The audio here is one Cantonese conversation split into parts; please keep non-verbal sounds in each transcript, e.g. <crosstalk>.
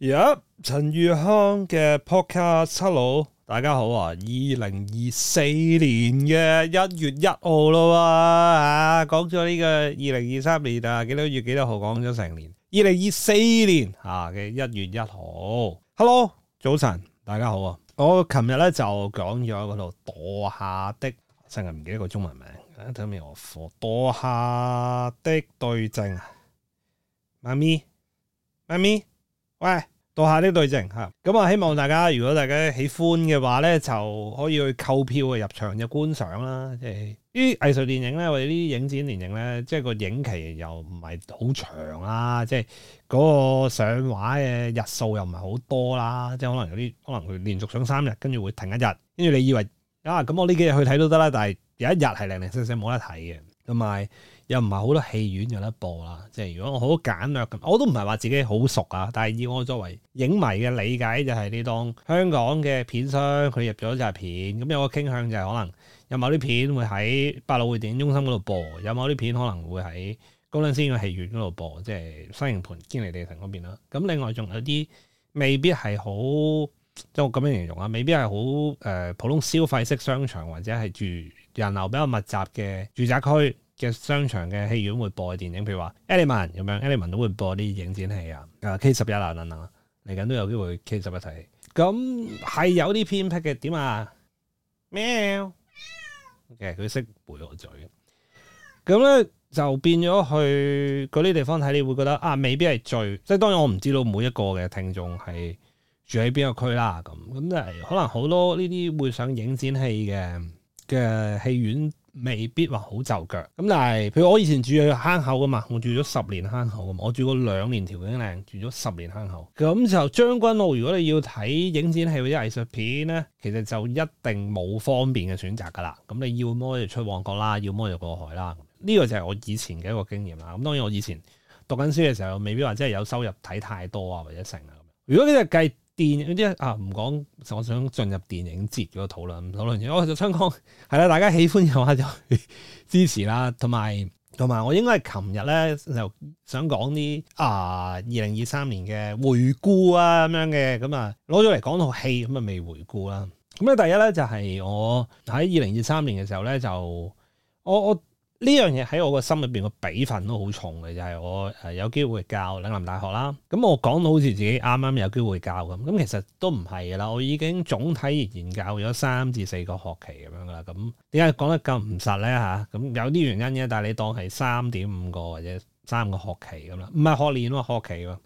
Yep，陳玉康嘅 Podcast Hello，大家好啊！二零二四年嘅一月一號咯，啊，講咗呢個二零二三年啊，幾多月幾多號講咗成年，二零二四年啊嘅一月一號，Hello，早晨，大家好啊！我琴日咧就講咗嗰套《墮下的》，成日唔記得個中文名，等我課《墮下的對症》，媽咪，媽咪。喂，到下呢對症。吓，咁啊，希望大家如果大家喜歡嘅話咧，就可以去購票嘅入場嘅觀賞啦。即係呢啲藝術電影咧，或者呢啲影展電影咧，即係個影期又唔係好長啦，即係嗰個上畫嘅日數又唔係好多啦，即係可能有啲可能佢連續上三日，跟住會停一日，跟住你以為啊，咁我呢幾日去睇都得啦，但係有一日係零零星星冇得睇嘅。同埋又唔係好多戲院有得播啦，即係如果我好簡略咁，我都唔係話自己好熟啊。但係以我作為影迷嘅理解，就係，就係呢當香港嘅片商佢入咗扎片，咁有個傾向就係，係，可能有某啲片會喺百老匯電影中心嗰度播，有某啲片可能會喺高先嘅戲院嗰度播，即係西營盤堅尼地城嗰邊啦。咁另外仲有啲未必係好，即係我咁樣形容啊，未必係好誒普通消費式商場或者係住，人流比較密集嘅住宅區嘅商場嘅戲院會播嘅電影，譬如話《Element》咁樣，《Element》都會播啲影展戲啊、uh，K 十一啊，等等啦，嚟緊都有機會 K 十一睇，咁、嗯、係有啲偏僻嘅點啊？咩？嘅佢識背我嘴，咁、嗯、咧就變咗去嗰啲地方睇，你會覺得啊，未必係最，即係當然我唔知道每一個嘅聽眾係住喺邊個區啦，咁咁就係、是、可能好多呢啲會想影展戲嘅。嘅戲院未必話好就腳，咁但係譬如我以前住喺坑口噶嘛，我住咗十年坑口噶嘛，我住過兩年調景嶺，住咗十年坑口。咁就將軍澳如果你要睇影展戲或者藝術片咧，其實就一定冇方便嘅選擇噶啦。咁你要麼就出旺角啦，要麼就過海啦。呢、這個就係我以前嘅一個經驗啦。咁當然我以前讀緊書嘅時候，未必話真係有收入睇太多啊或者成啊。如果你實計電影啲啊，唔講，我想進入電影節嗰個討論，討論嘢。我就想講，係啦，大家喜歡嘅話就支持啦，同埋同埋，我應該係琴日咧就想講啲啊，二零二三年嘅回顧啊咁樣嘅，咁啊攞咗嚟講套戲咁啊未回顧啦。咁咧第一咧就係我喺二零二三年嘅時候咧就我我。呢樣嘢喺我個心裏邊個比份都好重嘅，就係我誒有機會教嶺南大學啦。咁我講到好似自己啱啱有機會教咁，咁其實都唔係啦。我已經總體研究咗三至四個學期咁樣啦。咁點解講得咁唔實咧？吓，咁有啲原因嘅，但係你當係三點五個或者三個學期咁啦，唔係學年喎，學期喎。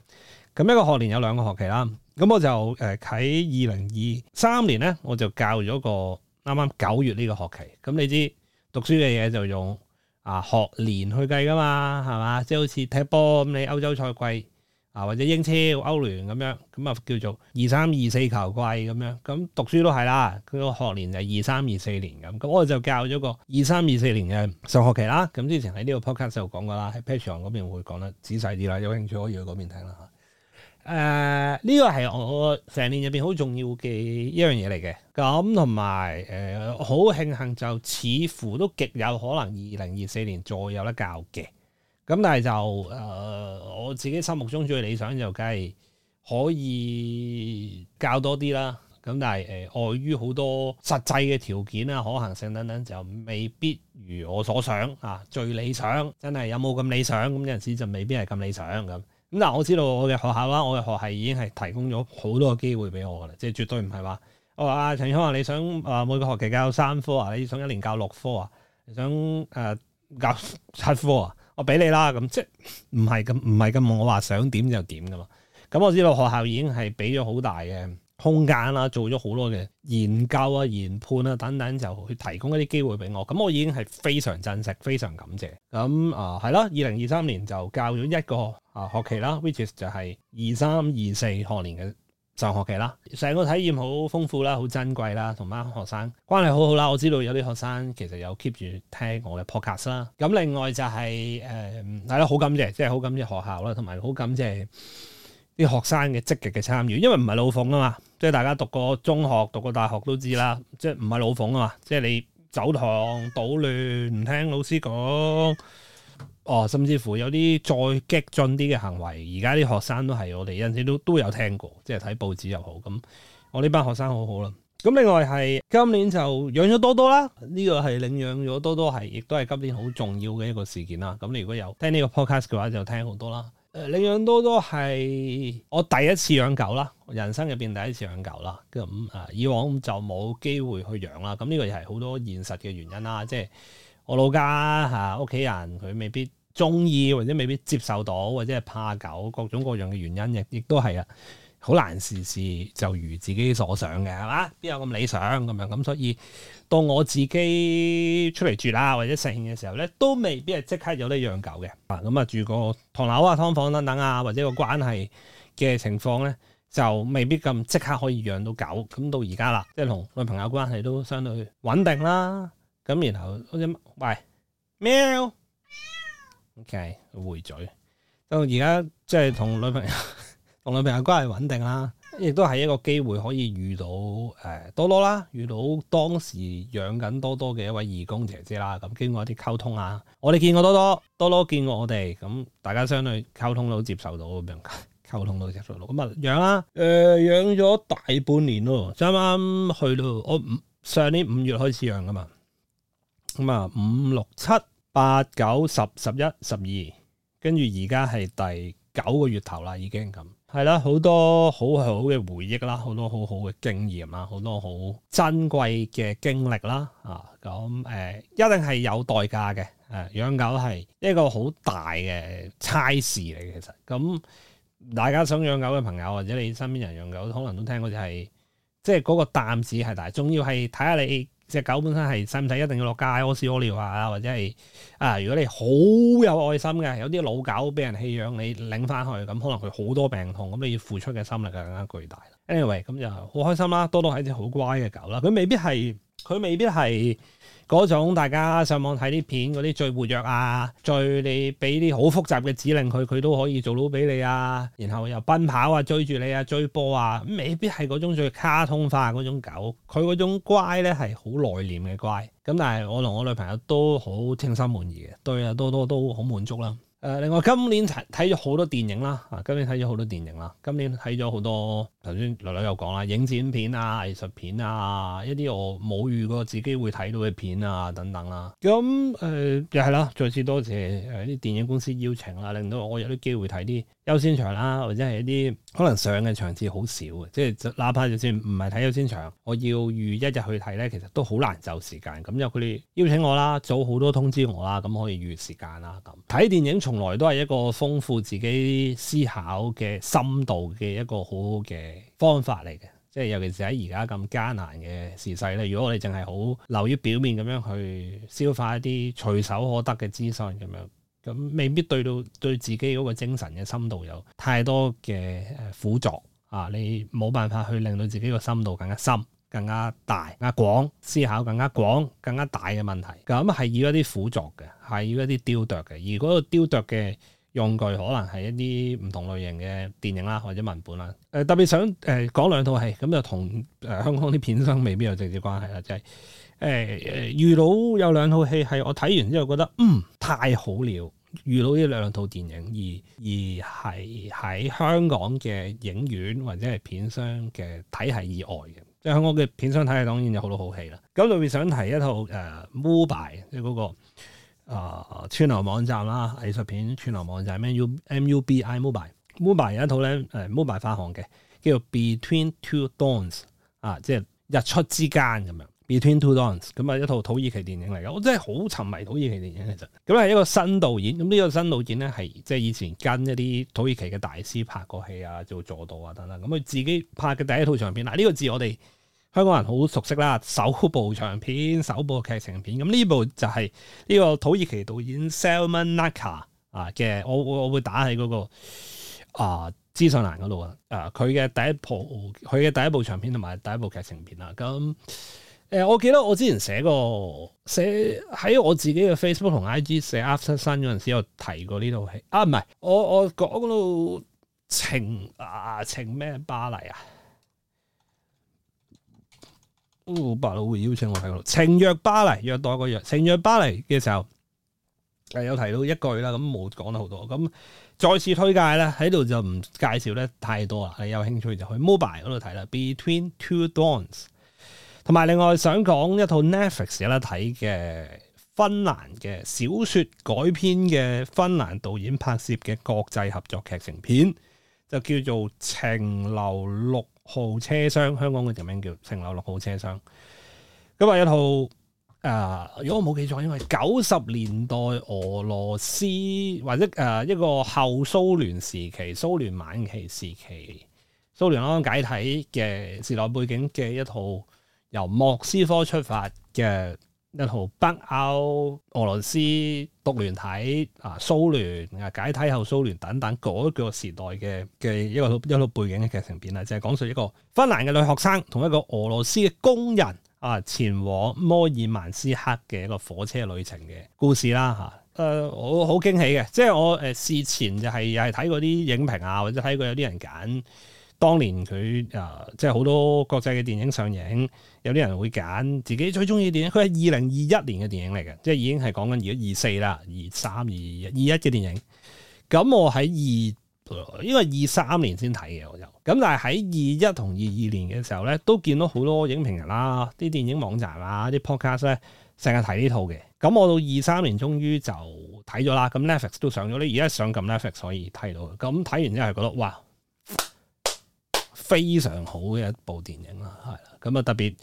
咁一個學年有兩個學期啦。咁我就誒喺二零二三年咧，我就教咗個啱啱九月呢個學期。咁你知讀書嘅嘢就用。啊學年去計㗎嘛，係嘛？即係好似踢波咁，你歐洲賽季啊或者英超歐聯咁樣，咁啊叫做二三二四球季咁樣。咁讀書都係啦，佢個學年就係二三二四年咁。咁我就教咗個二三二四年嘅上學期啦。咁之前喺呢個 podcast 就講過啦，喺 Patreon 嗰邊會講得仔細啲啦。有興趣可以去嗰邊聽啦。誒，呢、呃，這個係我成年入邊好重要嘅一樣嘢嚟嘅。咁同埋誒，好慶、呃、幸就似乎都極有可能二零二四年再有得教嘅。咁、嗯、但係就誒、呃，我自己心目中最理想就梗係可以教多啲啦。咁、嗯、但係誒、礙、呃、於好多實際嘅條件啦、可行性等等，就未必如我所想啊。最理想真係有冇咁理想？咁有陣時就未必係咁理想咁。嗯咁嗱、嗯，我知道我嘅學校啦，我嘅學系已經係提供咗好多嘅機會俾我噶啦，即係絕對唔係話我話啊陳醫生話你想啊、呃、每個學期教三科啊，你想一年教六科啊，你想誒、呃、教七科啊，我俾你啦，咁、嗯、即係唔係咁唔係咁，我話想點就點噶嘛。咁、嗯、我知道學校已經係俾咗好大嘅空間啦，做咗好多嘅研究啊、研判啊等等，就去提供一啲機會俾我。咁我已經係非常珍惜、非常感謝。咁啊，係咯，二零二三年就教咗一個啊學期啦，which is 就係二三二四學年嘅上學期啦。成個體驗好豐富啦、好珍貴啦，同班、啊、學生關係好好啦。我知道有啲學生其實有 keep 住聽我嘅 podcast 啦。咁另外就係誒係啦，好感謝，即係好感謝學校啦，同埋好感謝啲學生嘅積極嘅參與，因為唔係老奉啊嘛。即係大家讀過中學、讀過大學都知啦，即係唔係老馮吖嘛，即係你走堂、搗亂、唔聽老師講，哦，甚至乎有啲再激進啲嘅行為。而家啲學生都係我哋有陣時都都有聽過，即係睇報紙又好。咁我呢班學生好好啦。咁另外係今年就養咗多多啦，呢、這個係領養咗多多係，亦都係今年好重要嘅一個事件啦。咁你如果有聽呢個 podcast 嘅話，就聽好多啦。誒，你養多多係我第一次養狗啦，人生入邊第一次養狗啦，咁啊以往就冇機會去養啦。咁呢個係好多現實嘅原因啦，即係我老家嚇屋企人佢未必中意，或者未必接受到，或者係怕狗各種各樣嘅原因，亦亦都係啊，好難事事就如自己所想嘅，係嘛？邊有咁理想咁樣咁？所以。到我自己出嚟住啦，或者成嘅時候咧，都未必係即刻有得養狗嘅。啊，咁、嗯、啊住個唐樓啊、劏房等等啊，或者個關係嘅情況咧，就未必咁即刻可以養到狗。咁到而家啦，即係同女朋友關係都相對穩定啦。咁、嗯、然後好似，喂，喵，喵，喵，OK，回嘴。到而家即係同女朋友，同 <laughs> 女朋友關係穩定啦。亦都係一個機會，可以遇到誒、哎、多多啦，遇到當時養緊多多嘅一位義工姐姐啦。咁經過一啲溝通啊，我哋見過多多，多多見過我哋，咁大家相對溝通都接受到，咁樣溝通都接受到。咁啊養啦，誒養咗大半年咯，啱啱去到我上年五月開始養㗎嘛。咁啊五六七八九十十一十二，跟住而家係第九個月頭啦，已經咁。係啦，很多很好多好好嘅回憶啦，很多很好很多好好嘅經驗啊，好多好珍貴嘅經歷啦，啊，咁、嗯、誒一定係有代價嘅，誒、啊、養狗係一個好大嘅差事嚟嘅，其實咁、嗯、大家想養狗嘅朋友，或者你身邊人養狗，可能都聽過就係，即係嗰個擔子係大，仲要係睇下你隻狗本身係使唔使一定要落街屙屎屙尿啊，或者係啊，如果你好有愛心嘅，有啲老狗俾人棄養，你領翻去咁，可能佢好多病痛，咁你要付出嘅心力就更加巨大。Anyway，咁就好開心啦，多多係一隻好乖嘅狗啦，佢未必係。佢未必係嗰種大家上網睇啲片嗰啲最活躍啊，最你俾啲好複雜嘅指令佢，佢都可以做到俾你啊。然後又奔跑啊，追住你啊，追波啊，未必係嗰種最卡通化嗰、啊、種狗。佢嗰種乖呢係好內斂嘅乖。咁但係我同我女朋友都好稱心滿意嘅，對啊都都都好滿足啦、啊。誒，另外今年睇咗好多電影啦，啊，今年睇咗好多電影啦，今年睇咗好多，頭先女女又講啦，影展片啊、藝術片啊，一啲我冇遇過自己會睇到嘅片啊等等啦、啊，咁、嗯、誒，又係啦，再次多謝誒啲電影公司邀請啦，令到我有啲機會睇啲優先場啦，或者係一啲可能上嘅場次好少嘅，即係哪怕就算唔係睇優先場，我要預一日去睇呢，其實都好難就時間。咁有佢哋邀請我啦，早好多通知我啦，咁可以預時間啦。咁睇電影從來都係一個豐富自己思考嘅深度嘅一個好好嘅方法嚟嘅，即係尤其是喺而家咁艱難嘅時勢咧。如果我哋淨係好留於表面咁樣去消化一啲隨手可得嘅資訊咁樣。咁未必對到對自己嗰個精神嘅深度有太多嘅誒輔助啊！你冇辦法去令到自己個深度更加深、更加大、更加廣，思考更加廣、更加大嘅問題。咁係要一啲輔助嘅，係要一啲雕琢嘅。而嗰個雕琢嘅用具可能係一啲唔同類型嘅電影啦，或者文本啦。誒、呃、特別想誒講兩套戲，咁、呃、就同誒、呃、香港啲片商未必有直接關係啦，就係、係。誒誒，遇到有兩套戲係我睇完之後覺得，嗯，太好了。遇到呢兩套電影而而係喺香港嘅影院或者係片商嘅體系以外嘅，即係香港嘅片商體系當然有好多好戲啦。咁特別想提一套誒 Mubi 即係嗰個串流網站啦，藝術片串流網站咩 U M U B I Mubi Mubi 有一套咧，誒 Mubi 發行嘅，叫做 Between Two Dawns 啊，即係日出之間咁樣。Between Two Dawns 咁啊，一套土耳其電影嚟嘅，我真係好沉迷土耳其電影其實。咁係一個新導演，咁、這、呢個新導演咧係即係以前跟一啲土耳其嘅大師拍過戲啊，做助導啊等等。咁佢自己拍嘅第一套長片，嗱、這、呢個字我哋香港人好熟悉啦，首部長片、首部劇情片。咁呢部就係呢個土耳其導演 Selman Nacar 啊嘅，我我我會打喺嗰、那個啊、呃、資訊欄嗰度啊。啊、呃，佢嘅第一部佢嘅第一部長片同埋第一部劇情片啊，咁、嗯。誒、呃，我記得我之前寫過寫喺我自己嘅 Facebook 同 IG 寫 After Sun 嗰陣時，有提過呢套戲。啊，唔係，我我講到情啊情咩巴黎啊，哦、老白老會邀請我睇嗰度。情約巴黎，約多一個約。情約巴黎嘅時候，誒、呃、有提到一句啦，咁冇講得好多。咁再次推介咧，喺度就唔介紹咧太多啦。你有興趣就去 MUBI 嗰度睇啦。Between Two Dawns。同埋，另外想講一套 Netflix 有得睇嘅芬蘭嘅小說改編嘅芬蘭導演拍攝嘅國際合作劇情片，就叫做《情留六號車廂》。香港嘅片名叫《情留六號車廂》。咁啊，一套啊、呃，如果我冇記錯，因為九十年代俄羅斯或者誒、呃、一個後蘇聯時期、蘇聯晚期時期、蘇聯解體嘅時代背景嘅一套。由莫斯科出發嘅一套北歐、俄羅斯、獨聯體啊、蘇聯啊、解體後蘇聯等等嗰、那個時代嘅嘅一個一組背景嘅劇情片啦，就係、是、講述一個芬蘭嘅女學生同一個俄羅斯嘅工人啊，前往摩爾曼斯克嘅一個火車旅程嘅故事啦嚇。誒、啊，我、呃、好驚喜嘅，即係我誒、呃、事前就係又係睇過啲影評啊，或者睇過有啲人揀。當年佢啊、呃，即係好多國際嘅電影上映，有啲人會揀自己最中意嘅電影。佢係二零二一年嘅電影嚟嘅，即係已經係講緊二一、二四啦、二三、二一、二一嘅電影。咁我喺二應該係二三年先睇嘅，我就咁。但係喺二一同二二年嘅時候咧，都見到好多影評人啦、啊、啲電影網站啊、啲 podcast 咧、啊，成日睇呢套嘅。咁我到二三年終於就睇咗啦。咁 Netflix 都上咗，你而家上咁 Netflix 可以睇到。咁睇完之後係覺得哇！非常好嘅一部電影啦，係啦，咁啊特別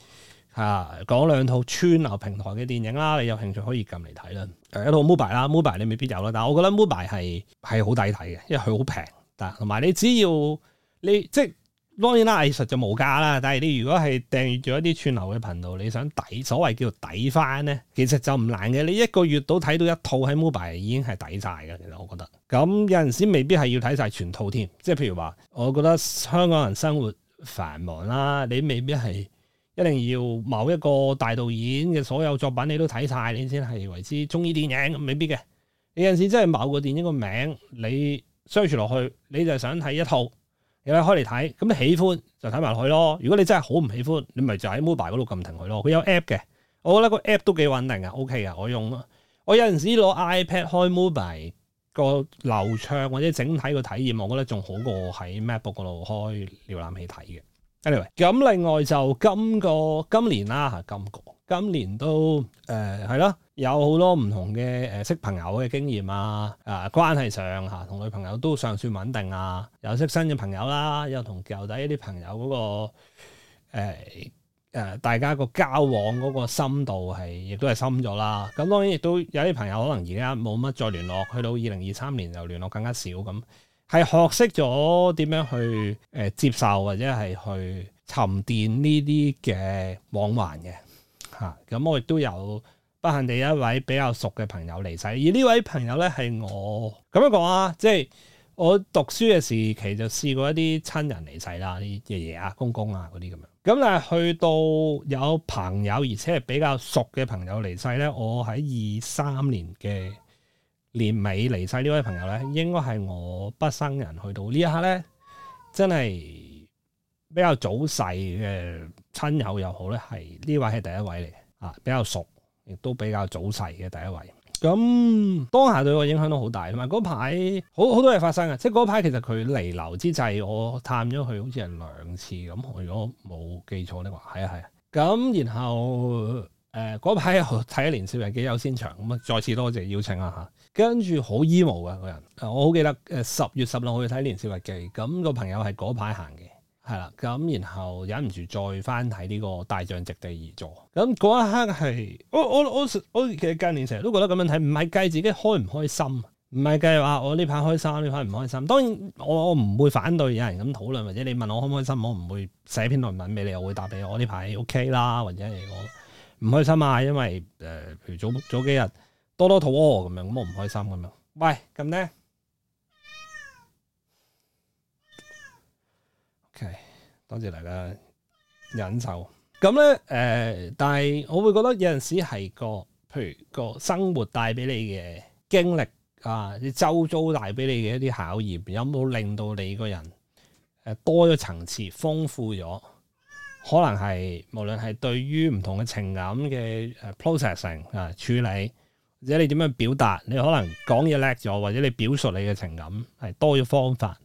啊講兩套串流平台嘅電影啦，你有興趣可以撳嚟睇啦。誒、啊，一套 MUBI 啦、啊、MUBI 你未必有啦，但係我覺得 MUBI 係係好抵睇嘅，因為佢好平，但係同埋你只要你即係。當然啦，藝術就無價啦。但係你如果係訂閱咗一啲串流嘅頻道，你想抵所謂叫做抵翻咧，其實就唔難嘅。你一個月都睇到一套喺 mobile 已經係抵晒㗎。其實我覺得，咁有陣時未必係要睇晒全套添。即係譬如話，我覺得香港人生活繁忙啦，你未必係一定要某一個大導演嘅所有作品你都睇晒。你先係為之中意電影，咁未必嘅。有陣時真係某個電影個名你 search 落去，你就想睇一套。有開嚟睇，咁你喜歡就睇埋落去咯。如果你真係好唔喜歡，你咪就喺 MUBI 嗰度撳停佢咯。佢有 app 嘅，我覺得個 app 都幾穩定啊，OK 啊。我用啊，我有陣時攞 iPad 開 MUBI 個流暢或者整體個體驗，我覺得仲好過喺 MacBook 嗰度開瀏覽器睇嘅。Anyway，咁另外就今個今年啦，今個今年都誒係啦。呃有好多唔同嘅誒識朋友嘅經驗啊！啊關係上嚇同、啊、女朋友都尚算穩定啊，又識新嘅朋友啦、啊，又同舊底啲朋友嗰、嗰個誒、呃、大家個交往嗰個深度係亦都係深咗啦。咁當然亦都有啲朋友可能而家冇乜再聯絡，去到二零二三年又聯絡更加少咁，係學識咗點樣去誒接受或者係去沉澱呢啲嘅往還嘅嚇。咁、啊啊、我亦都有。不幸第一位比較熟嘅朋友離世，而呢位朋友咧係我咁樣講啊，即係我讀書嘅時期就試過一啲親人離世啦，啲爺爺啊、公公啊嗰啲咁樣。咁但係去到有朋友，而且係比較熟嘅朋友離世咧，我喺二三年嘅年尾離世呢位朋友咧，應該係我畢生人去到呢一刻咧，真係比較早逝嘅親友又好咧，係呢位係第一位嚟啊，比較熟。亦都比較早逝嘅第一位，咁當下對我影響都好大同埋嗰排好好多嘢發生嘅，即係嗰排其實佢彌留之際，我探咗佢好似係兩次咁。我如果冇記錯呢個，係啊係啊。咁然後誒嗰排睇《年、呃、少日記》有先場，咁啊再次多謝邀請啦嚇。跟住好 emo 嘅個人，我好記得誒十月十六號去睇《年少日記》那，咁個朋友係嗰排行嘅。係啦，咁、嗯、然後忍唔住再翻睇呢個大象席地而坐。咁、嗯、嗰一刻係我我我我其實近年成日都覺得咁樣睇，唔係計自己開唔開心，唔係計話我呢排開心，呢排唔開心。當然我我唔會反對有人咁討論，或者你問我開唔開心，我唔會寫篇論文俾你，我會答你，我呢排 O K 啦，或者係我唔開心啊，因為誒譬、呃、如早早幾日多多肚屙咁樣，咁我唔開心咁樣。喂，咁咧？多謝大家忍受咁咧？誒、呃，但係我會覺得有陣時係個，譬如個生活帶俾你嘅經歷啊，你周遭帶俾你嘅一啲考驗，有冇令到你個人誒、啊、多咗層次，豐富咗？可能係無論係對於唔同嘅情感嘅誒 processing 啊處理，或者你點樣表達，你可能講嘢叻咗，或者你表述你嘅情感係多咗方法，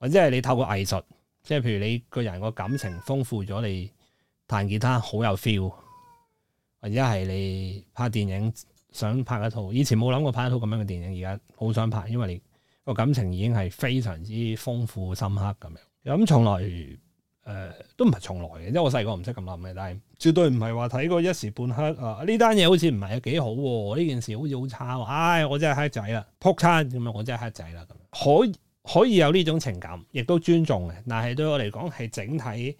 或者係你透過藝術。即係譬如你個人個感情豐富咗，你彈吉他好有 feel，或者係你拍電影想拍一套，以前冇諗過拍一套咁樣嘅電影，而家好想拍，因為你個感情已經係非常之豐富深刻咁樣。咁從來誒、呃、都唔係從來嘅，因為我細個唔識咁諗嘅，但係絕對唔係話睇過一時半刻啊，呢單嘢好似唔係啊幾好，呢件事好似好，啊、好差，唉、哎、我真係黑仔啦，撲餐咁啊，我真係黑仔啦咁，可以。可以有呢種情感，亦都尊重嘅，但係對我嚟講係整體。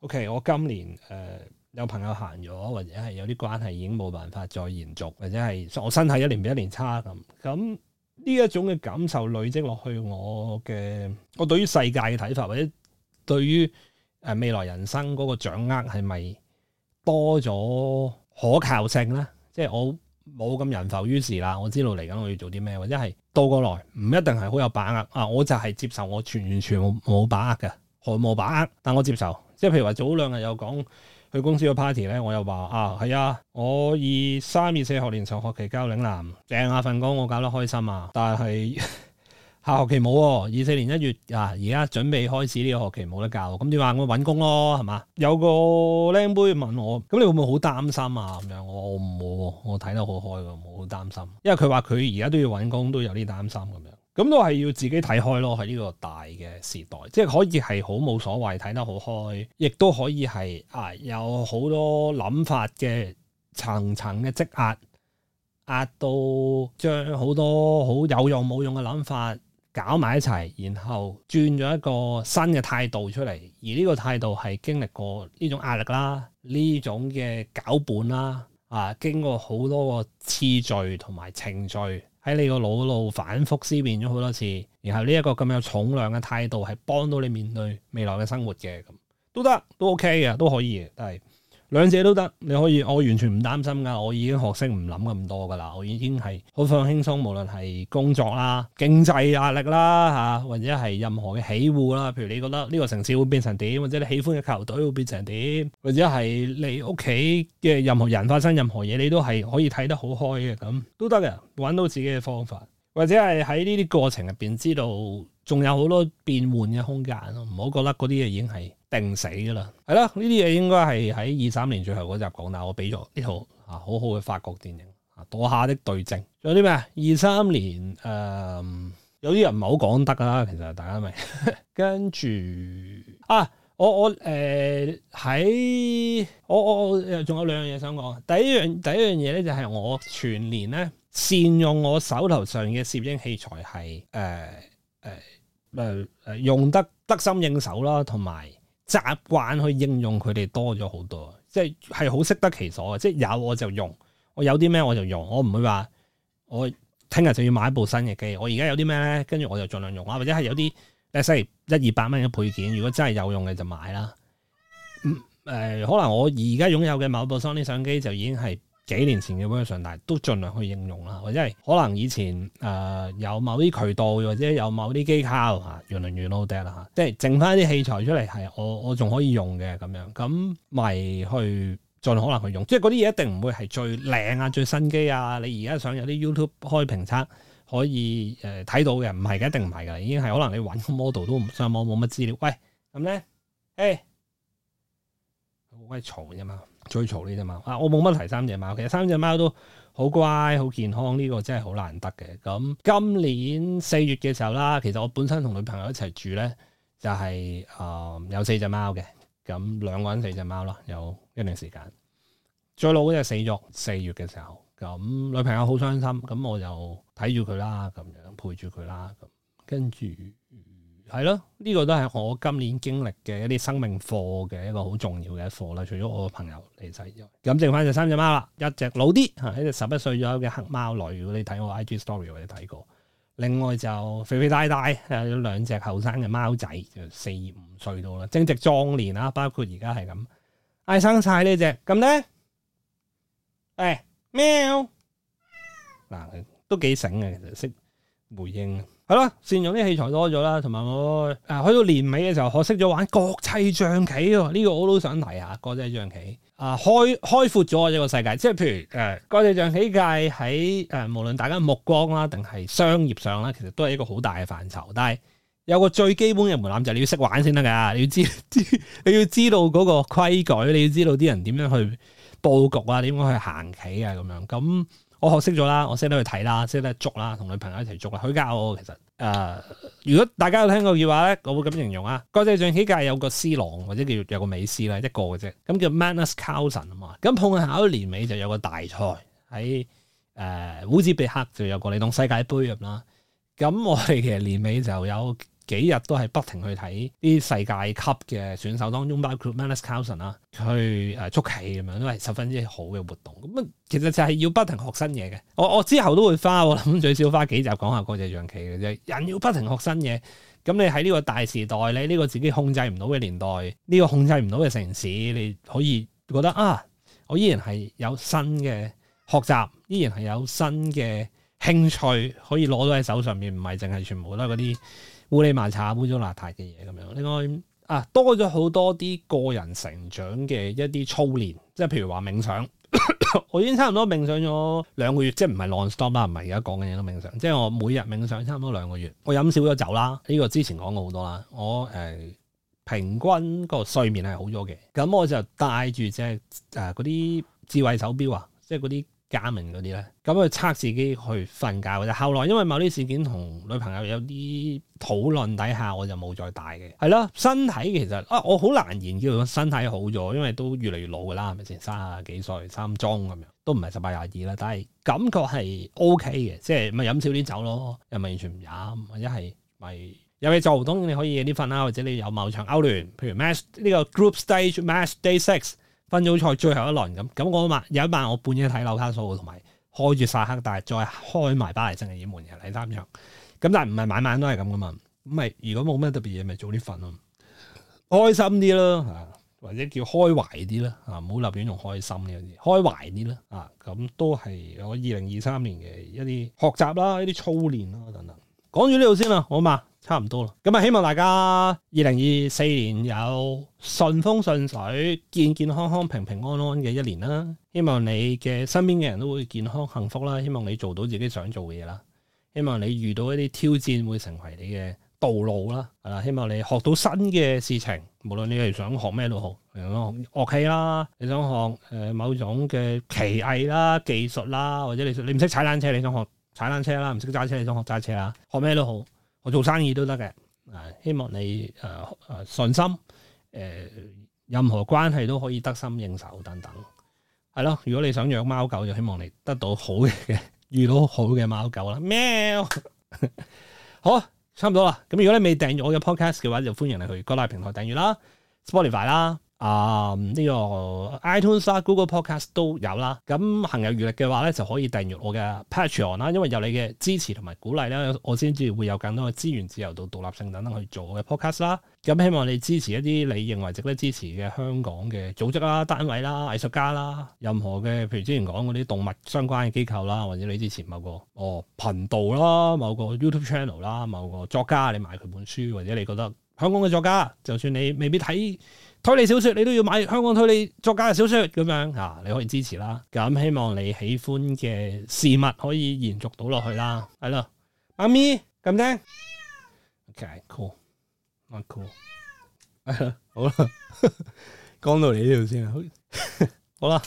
OK，我今年誒、呃、有朋友行咗，或者係有啲關係已經冇辦法再延續，或者係我身體一年比一年差咁。咁呢一種嘅感受累積落去我，我嘅我對於世界嘅睇法，或者對於誒、呃、未來人生嗰個掌握係咪多咗可靠性咧？即係我。冇咁人浮於事啦，我知道嚟緊我要做啲咩，或者係到過來唔一定係好有把握啊，我就係接受我全完全冇冇把握嘅，毫無把握，但我接受。即係譬如話早兩日有講去公司個 party 咧，我又話啊，係啊，我二三二四學年上學期教嶺南正呀份工我搞得開心啊，但係。 <laughs> 下、啊、學期冇喎、哦，二四年一月啊，而家準備開始呢個學期冇得教，咁你話我揾工咯，係嘛？有個靚妹問我，咁你會唔會好擔心啊？咁樣我我冇，我睇得好開嘅，冇好擔心。因為佢話佢而家都要揾工，都有啲擔心咁樣，咁都係要自己睇開咯。喺呢個大嘅時代，即係可以係好冇所謂，睇得好開，亦都可以係啊有好多諗法嘅層層嘅積壓，壓到將好多好有用冇用嘅諗法。搞埋一齊，然後轉咗一個新嘅態度出嚟，而呢個態度係經歷過呢種壓力啦，呢種嘅攪拌啦，啊，經過好多個次序同埋程序喺你個腦度反復思辨咗好多次，然後呢一個咁有重量嘅態度係幫到你面對未來嘅生活嘅，咁都得都 OK 嘅都可以，但係。兩者都得，你可以，我完全唔擔心㗎，我已經學識唔諗咁多㗎啦，我已經係好放輕鬆，無論係工作啦、經濟壓力啦吓，或者係任何嘅喜惡啦，譬如你覺得呢個城市會變成點，或者你喜歡嘅球隊會變成點，或者係你屋企嘅任何人發生任何嘢，你都係可以睇得好開嘅，咁都得嘅，揾到自己嘅方法，或者係喺呢啲過程入邊知道。仲有好多變換嘅空間，唔好覺得嗰啲嘢已經係定死噶啦。係啦，呢啲嘢應該係喺二三年最後嗰集講，但我俾咗呢套啊好好嘅法國電影《啊墮下的對證》。仲有啲咩？二三年誒、呃，有啲人唔係好講得啦。其實大家明 <laughs> 跟住啊，我我誒喺、呃、我我我仲、呃、有兩樣嘢想講。第一樣第一樣嘢咧，就係我全年咧善用我手頭上嘅攝影器材係誒誒。呃呃誒誒，用得得心應手啦，同埋習慣去應用佢哋多咗好多，即係係好適得其所嘅，即係有我就用，我有啲咩我就用，我唔會話我聽日就要買一部新嘅機，我而家有啲咩咧，跟住我就盡量用啊，或者係有啲，例如一二百蚊嘅配件，如果真係有用嘅就買啦。誒、嗯呃，可能我而家擁有嘅某部 Sony 相機就已經係。幾年前嘅 version，但係都盡量去應用啦，或者係可能以前誒、呃、有某啲渠道，或者有某啲機卡，原來原來原來啊，越嚟越老 data 啦，即係剩翻啲器材出嚟係我我仲可以用嘅咁樣，咁咪去盡可能去用，即係嗰啲嘢一定唔會係最靚啊、最新機啊。你而家想有啲 YouTube 開評測可以誒睇、呃、到嘅，唔係嘅，一定唔係嘅，已經係可能你揾 model 都唔上網，冇乜資料。喂，咁咧，誒好鬼嘈啫嘛～追嘈呢隻貓啊！我冇乜提三隻貓，其實三隻貓都好乖、好健康，呢、這個真係好難得嘅。咁今年四月嘅時候啦，其實我本身同女朋友一齊住咧、就是，就係誒有四隻貓嘅，咁兩個人四隻貓咯，有一定時間。最老嗰隻死咗，四月嘅時候咁，女朋友好傷心，咁我就睇住佢啦，咁樣陪住佢啦，咁跟住。係咯，呢、這個都係我今年經歷嘅一啲生命課嘅一個好重要嘅一課啦。除咗我個朋友離世咗，咁剩翻就三隻貓啦，一隻老啲，吓一隻十一歲咗嘅黑貓女，如果你睇我 I G story 或者睇過。另外就肥肥大大，有兩隻後生嘅貓仔，就四五歲到啦，正值壯年啊。包括而家係咁，嗌生晒呢隻，咁、哎、咧，誒喵，嗱喵都幾醒嘅，其實識。回應係咯、 <laughs> 嗯，善用啲器材多咗啦，同埋我誒，去、呃、到年尾嘅時候學識咗玩國際象棋喎，呢個我都想提下國際象棋。啊、這個呃，開開闊咗我呢個世界，即係譬如誒、呃，國際象棋界喺誒、呃，無論大家嘅目光啦，定係商業上啦，其實都係一個好大嘅範疇。但係有個最基本嘅門檻就係你要識玩先得噶，你要知，你要知道嗰 <laughs> 個規矩，你要知道啲人點樣去布局啊，點樣去行棋啊，咁樣咁。我學識咗啦，我識得去睇啦，識得捉啦，同女朋友一齊捉啦。許家我其實誒、呃，如果大家有聽過嘅話咧，我會咁形容啊。國際象棋界有個斯郎，或者叫有個美斯啦，一個嘅啫。咁叫 Magnus Carlsen 啊嘛。咁碰巧年尾就有個大賽喺誒烏茲別克，就有個你當世界盃咁啦。咁我哋其實年尾就有。幾日都係不停去睇啲世界級嘅選手當中，包括 Magnus Carlsen 啊，去誒捉棋，咁樣都係十分之好嘅活動。咁啊，其實就係要不停學新嘢嘅。我我之後都會花，我諗最少花幾集講下國際象棋嘅啫。就是，人要不停學新嘢，咁你喺呢個大時代，你呢個自己控制唔到嘅年代，呢、呢個控制唔到嘅城市，你可以覺得啊，我依然係有新嘅學習，依然係有新嘅興趣可以攞到喺手上面，唔係淨係全部都係嗰啲。糊裏麻查、污糟邋遢嘅嘢咁樣，另外，啊，多咗好多啲個人成長嘅一啲操練，即係譬如話冥想。 <coughs> 我已經差唔多冥想咗兩個月，即係唔係 non-stop 啦，唔係而家講緊嘢都冥想，即係我每日冥想差唔多兩個月。我飲少咗酒啦，呢、呢個之前講過好多啦。我誒、呃、平均個睡眠係好咗嘅，咁我就戴住隻誒嗰啲智慧手錶啊，即係嗰啲。加明嗰啲咧，咁去測自己去瞓覺，或者後來因為某啲事件同女朋友有啲討論底下，我就冇再帶嘅，係咯。身體其實啊，我好難言叫身體好咗，因為都越嚟越老噶啦，係咪成三啊幾歲三中咁樣，都唔係十八廿二啦，但係感覺係 OK 嘅，即係咪飲少啲酒咯，又咪完全唔飲，或者係咪有嘢做，當然你可以夜啲瞓啦，或者你有某場歐聯，譬如 match，呢個 group stage match day six。分組賽最後一輪咁，咁我晚有一晚我半夜睇紐卡素同埋開住晒黑帶，但再開埋巴黎聖日耳門嘅第三場，咁但係唔係晚晚都係咁噶嘛，咁咪如果冇咩特別嘢咪早啲瞓咯，開心啲咯吓，或者叫開懷啲啦吓，唔好立亂用開心呢啲，開懷啲啦啊，咁、啊、都係我二零二三年嘅一啲學習啦，一啲操練啦等等。講住呢度先啦，好嘛，差唔多啦。咁啊，希望大家二零二四年有順風順水、健健康康、平平安安嘅一年啦。希望你嘅身邊嘅人都會健康幸福啦。希望你做到自己想做嘅嘢啦。希望你遇到一啲挑戰會成為你嘅道路啦。啊，希望你學到新嘅事情，無論你係想學咩都好，想學樂器啦，你想學誒某種嘅奇藝啦、技術啦，或者你你唔識踩單車，你想學。踩單車啦，唔識揸車，你想學揸車啦，學咩都好，我做生意都得嘅。啊，希望你誒誒、呃呃、信心，誒、呃、任何關係都可以得心應手等等，係咯。如果你想養貓狗，就希望你得到好嘅， <laughs> 遇到好嘅貓狗啦。喵， <laughs> 好，差唔多啦。咁如果你未訂閱我嘅 podcast 嘅話，就歡迎你去各大平台訂閱啦，Spotify 啦。啊！呢、um，個 iTunes 啊、Google Podcast 都有啦。咁行有餘力嘅話咧，就可以訂閲我嘅 Patreon 啦。因為有你嘅支持同埋鼓勵咧，我先至會有更多嘅資源、自由度、獨立性等等去做我嘅 podcast 啦。咁希望你支持一啲你認為值得支持嘅香港嘅組織啦、單位啦、藝術家啦、任何嘅，譬如之前講嗰啲動物相關嘅機構啦，或者你之前某個哦頻道啦、某個 YouTube channel 啦、某個作家，你買佢本書，或者你覺得香港嘅作家，就算你未必睇。推理小說你都要買香港推理作家嘅小說咁樣啊，你可以支持啦。咁、嗯、希望你喜歡嘅事物可以延續到落去啦。係咯，阿咪咁樣。OK cool，o n cool。好啦，講到你呢度先啦。 <laughs> 好啦了，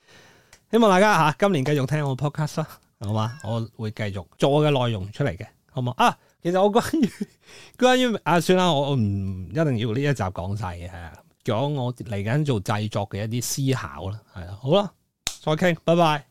<laughs> 希望大家吓今年繼續聽我 podcast 啦，好嘛？我會繼續做我嘅內容出嚟嘅，好唔好啊？其實我關於關於啊，算啦，我我唔一定要呢一集講晒嘅，係講我嚟緊做製作嘅一啲思考啦，係啦，好啦，再傾，拜拜。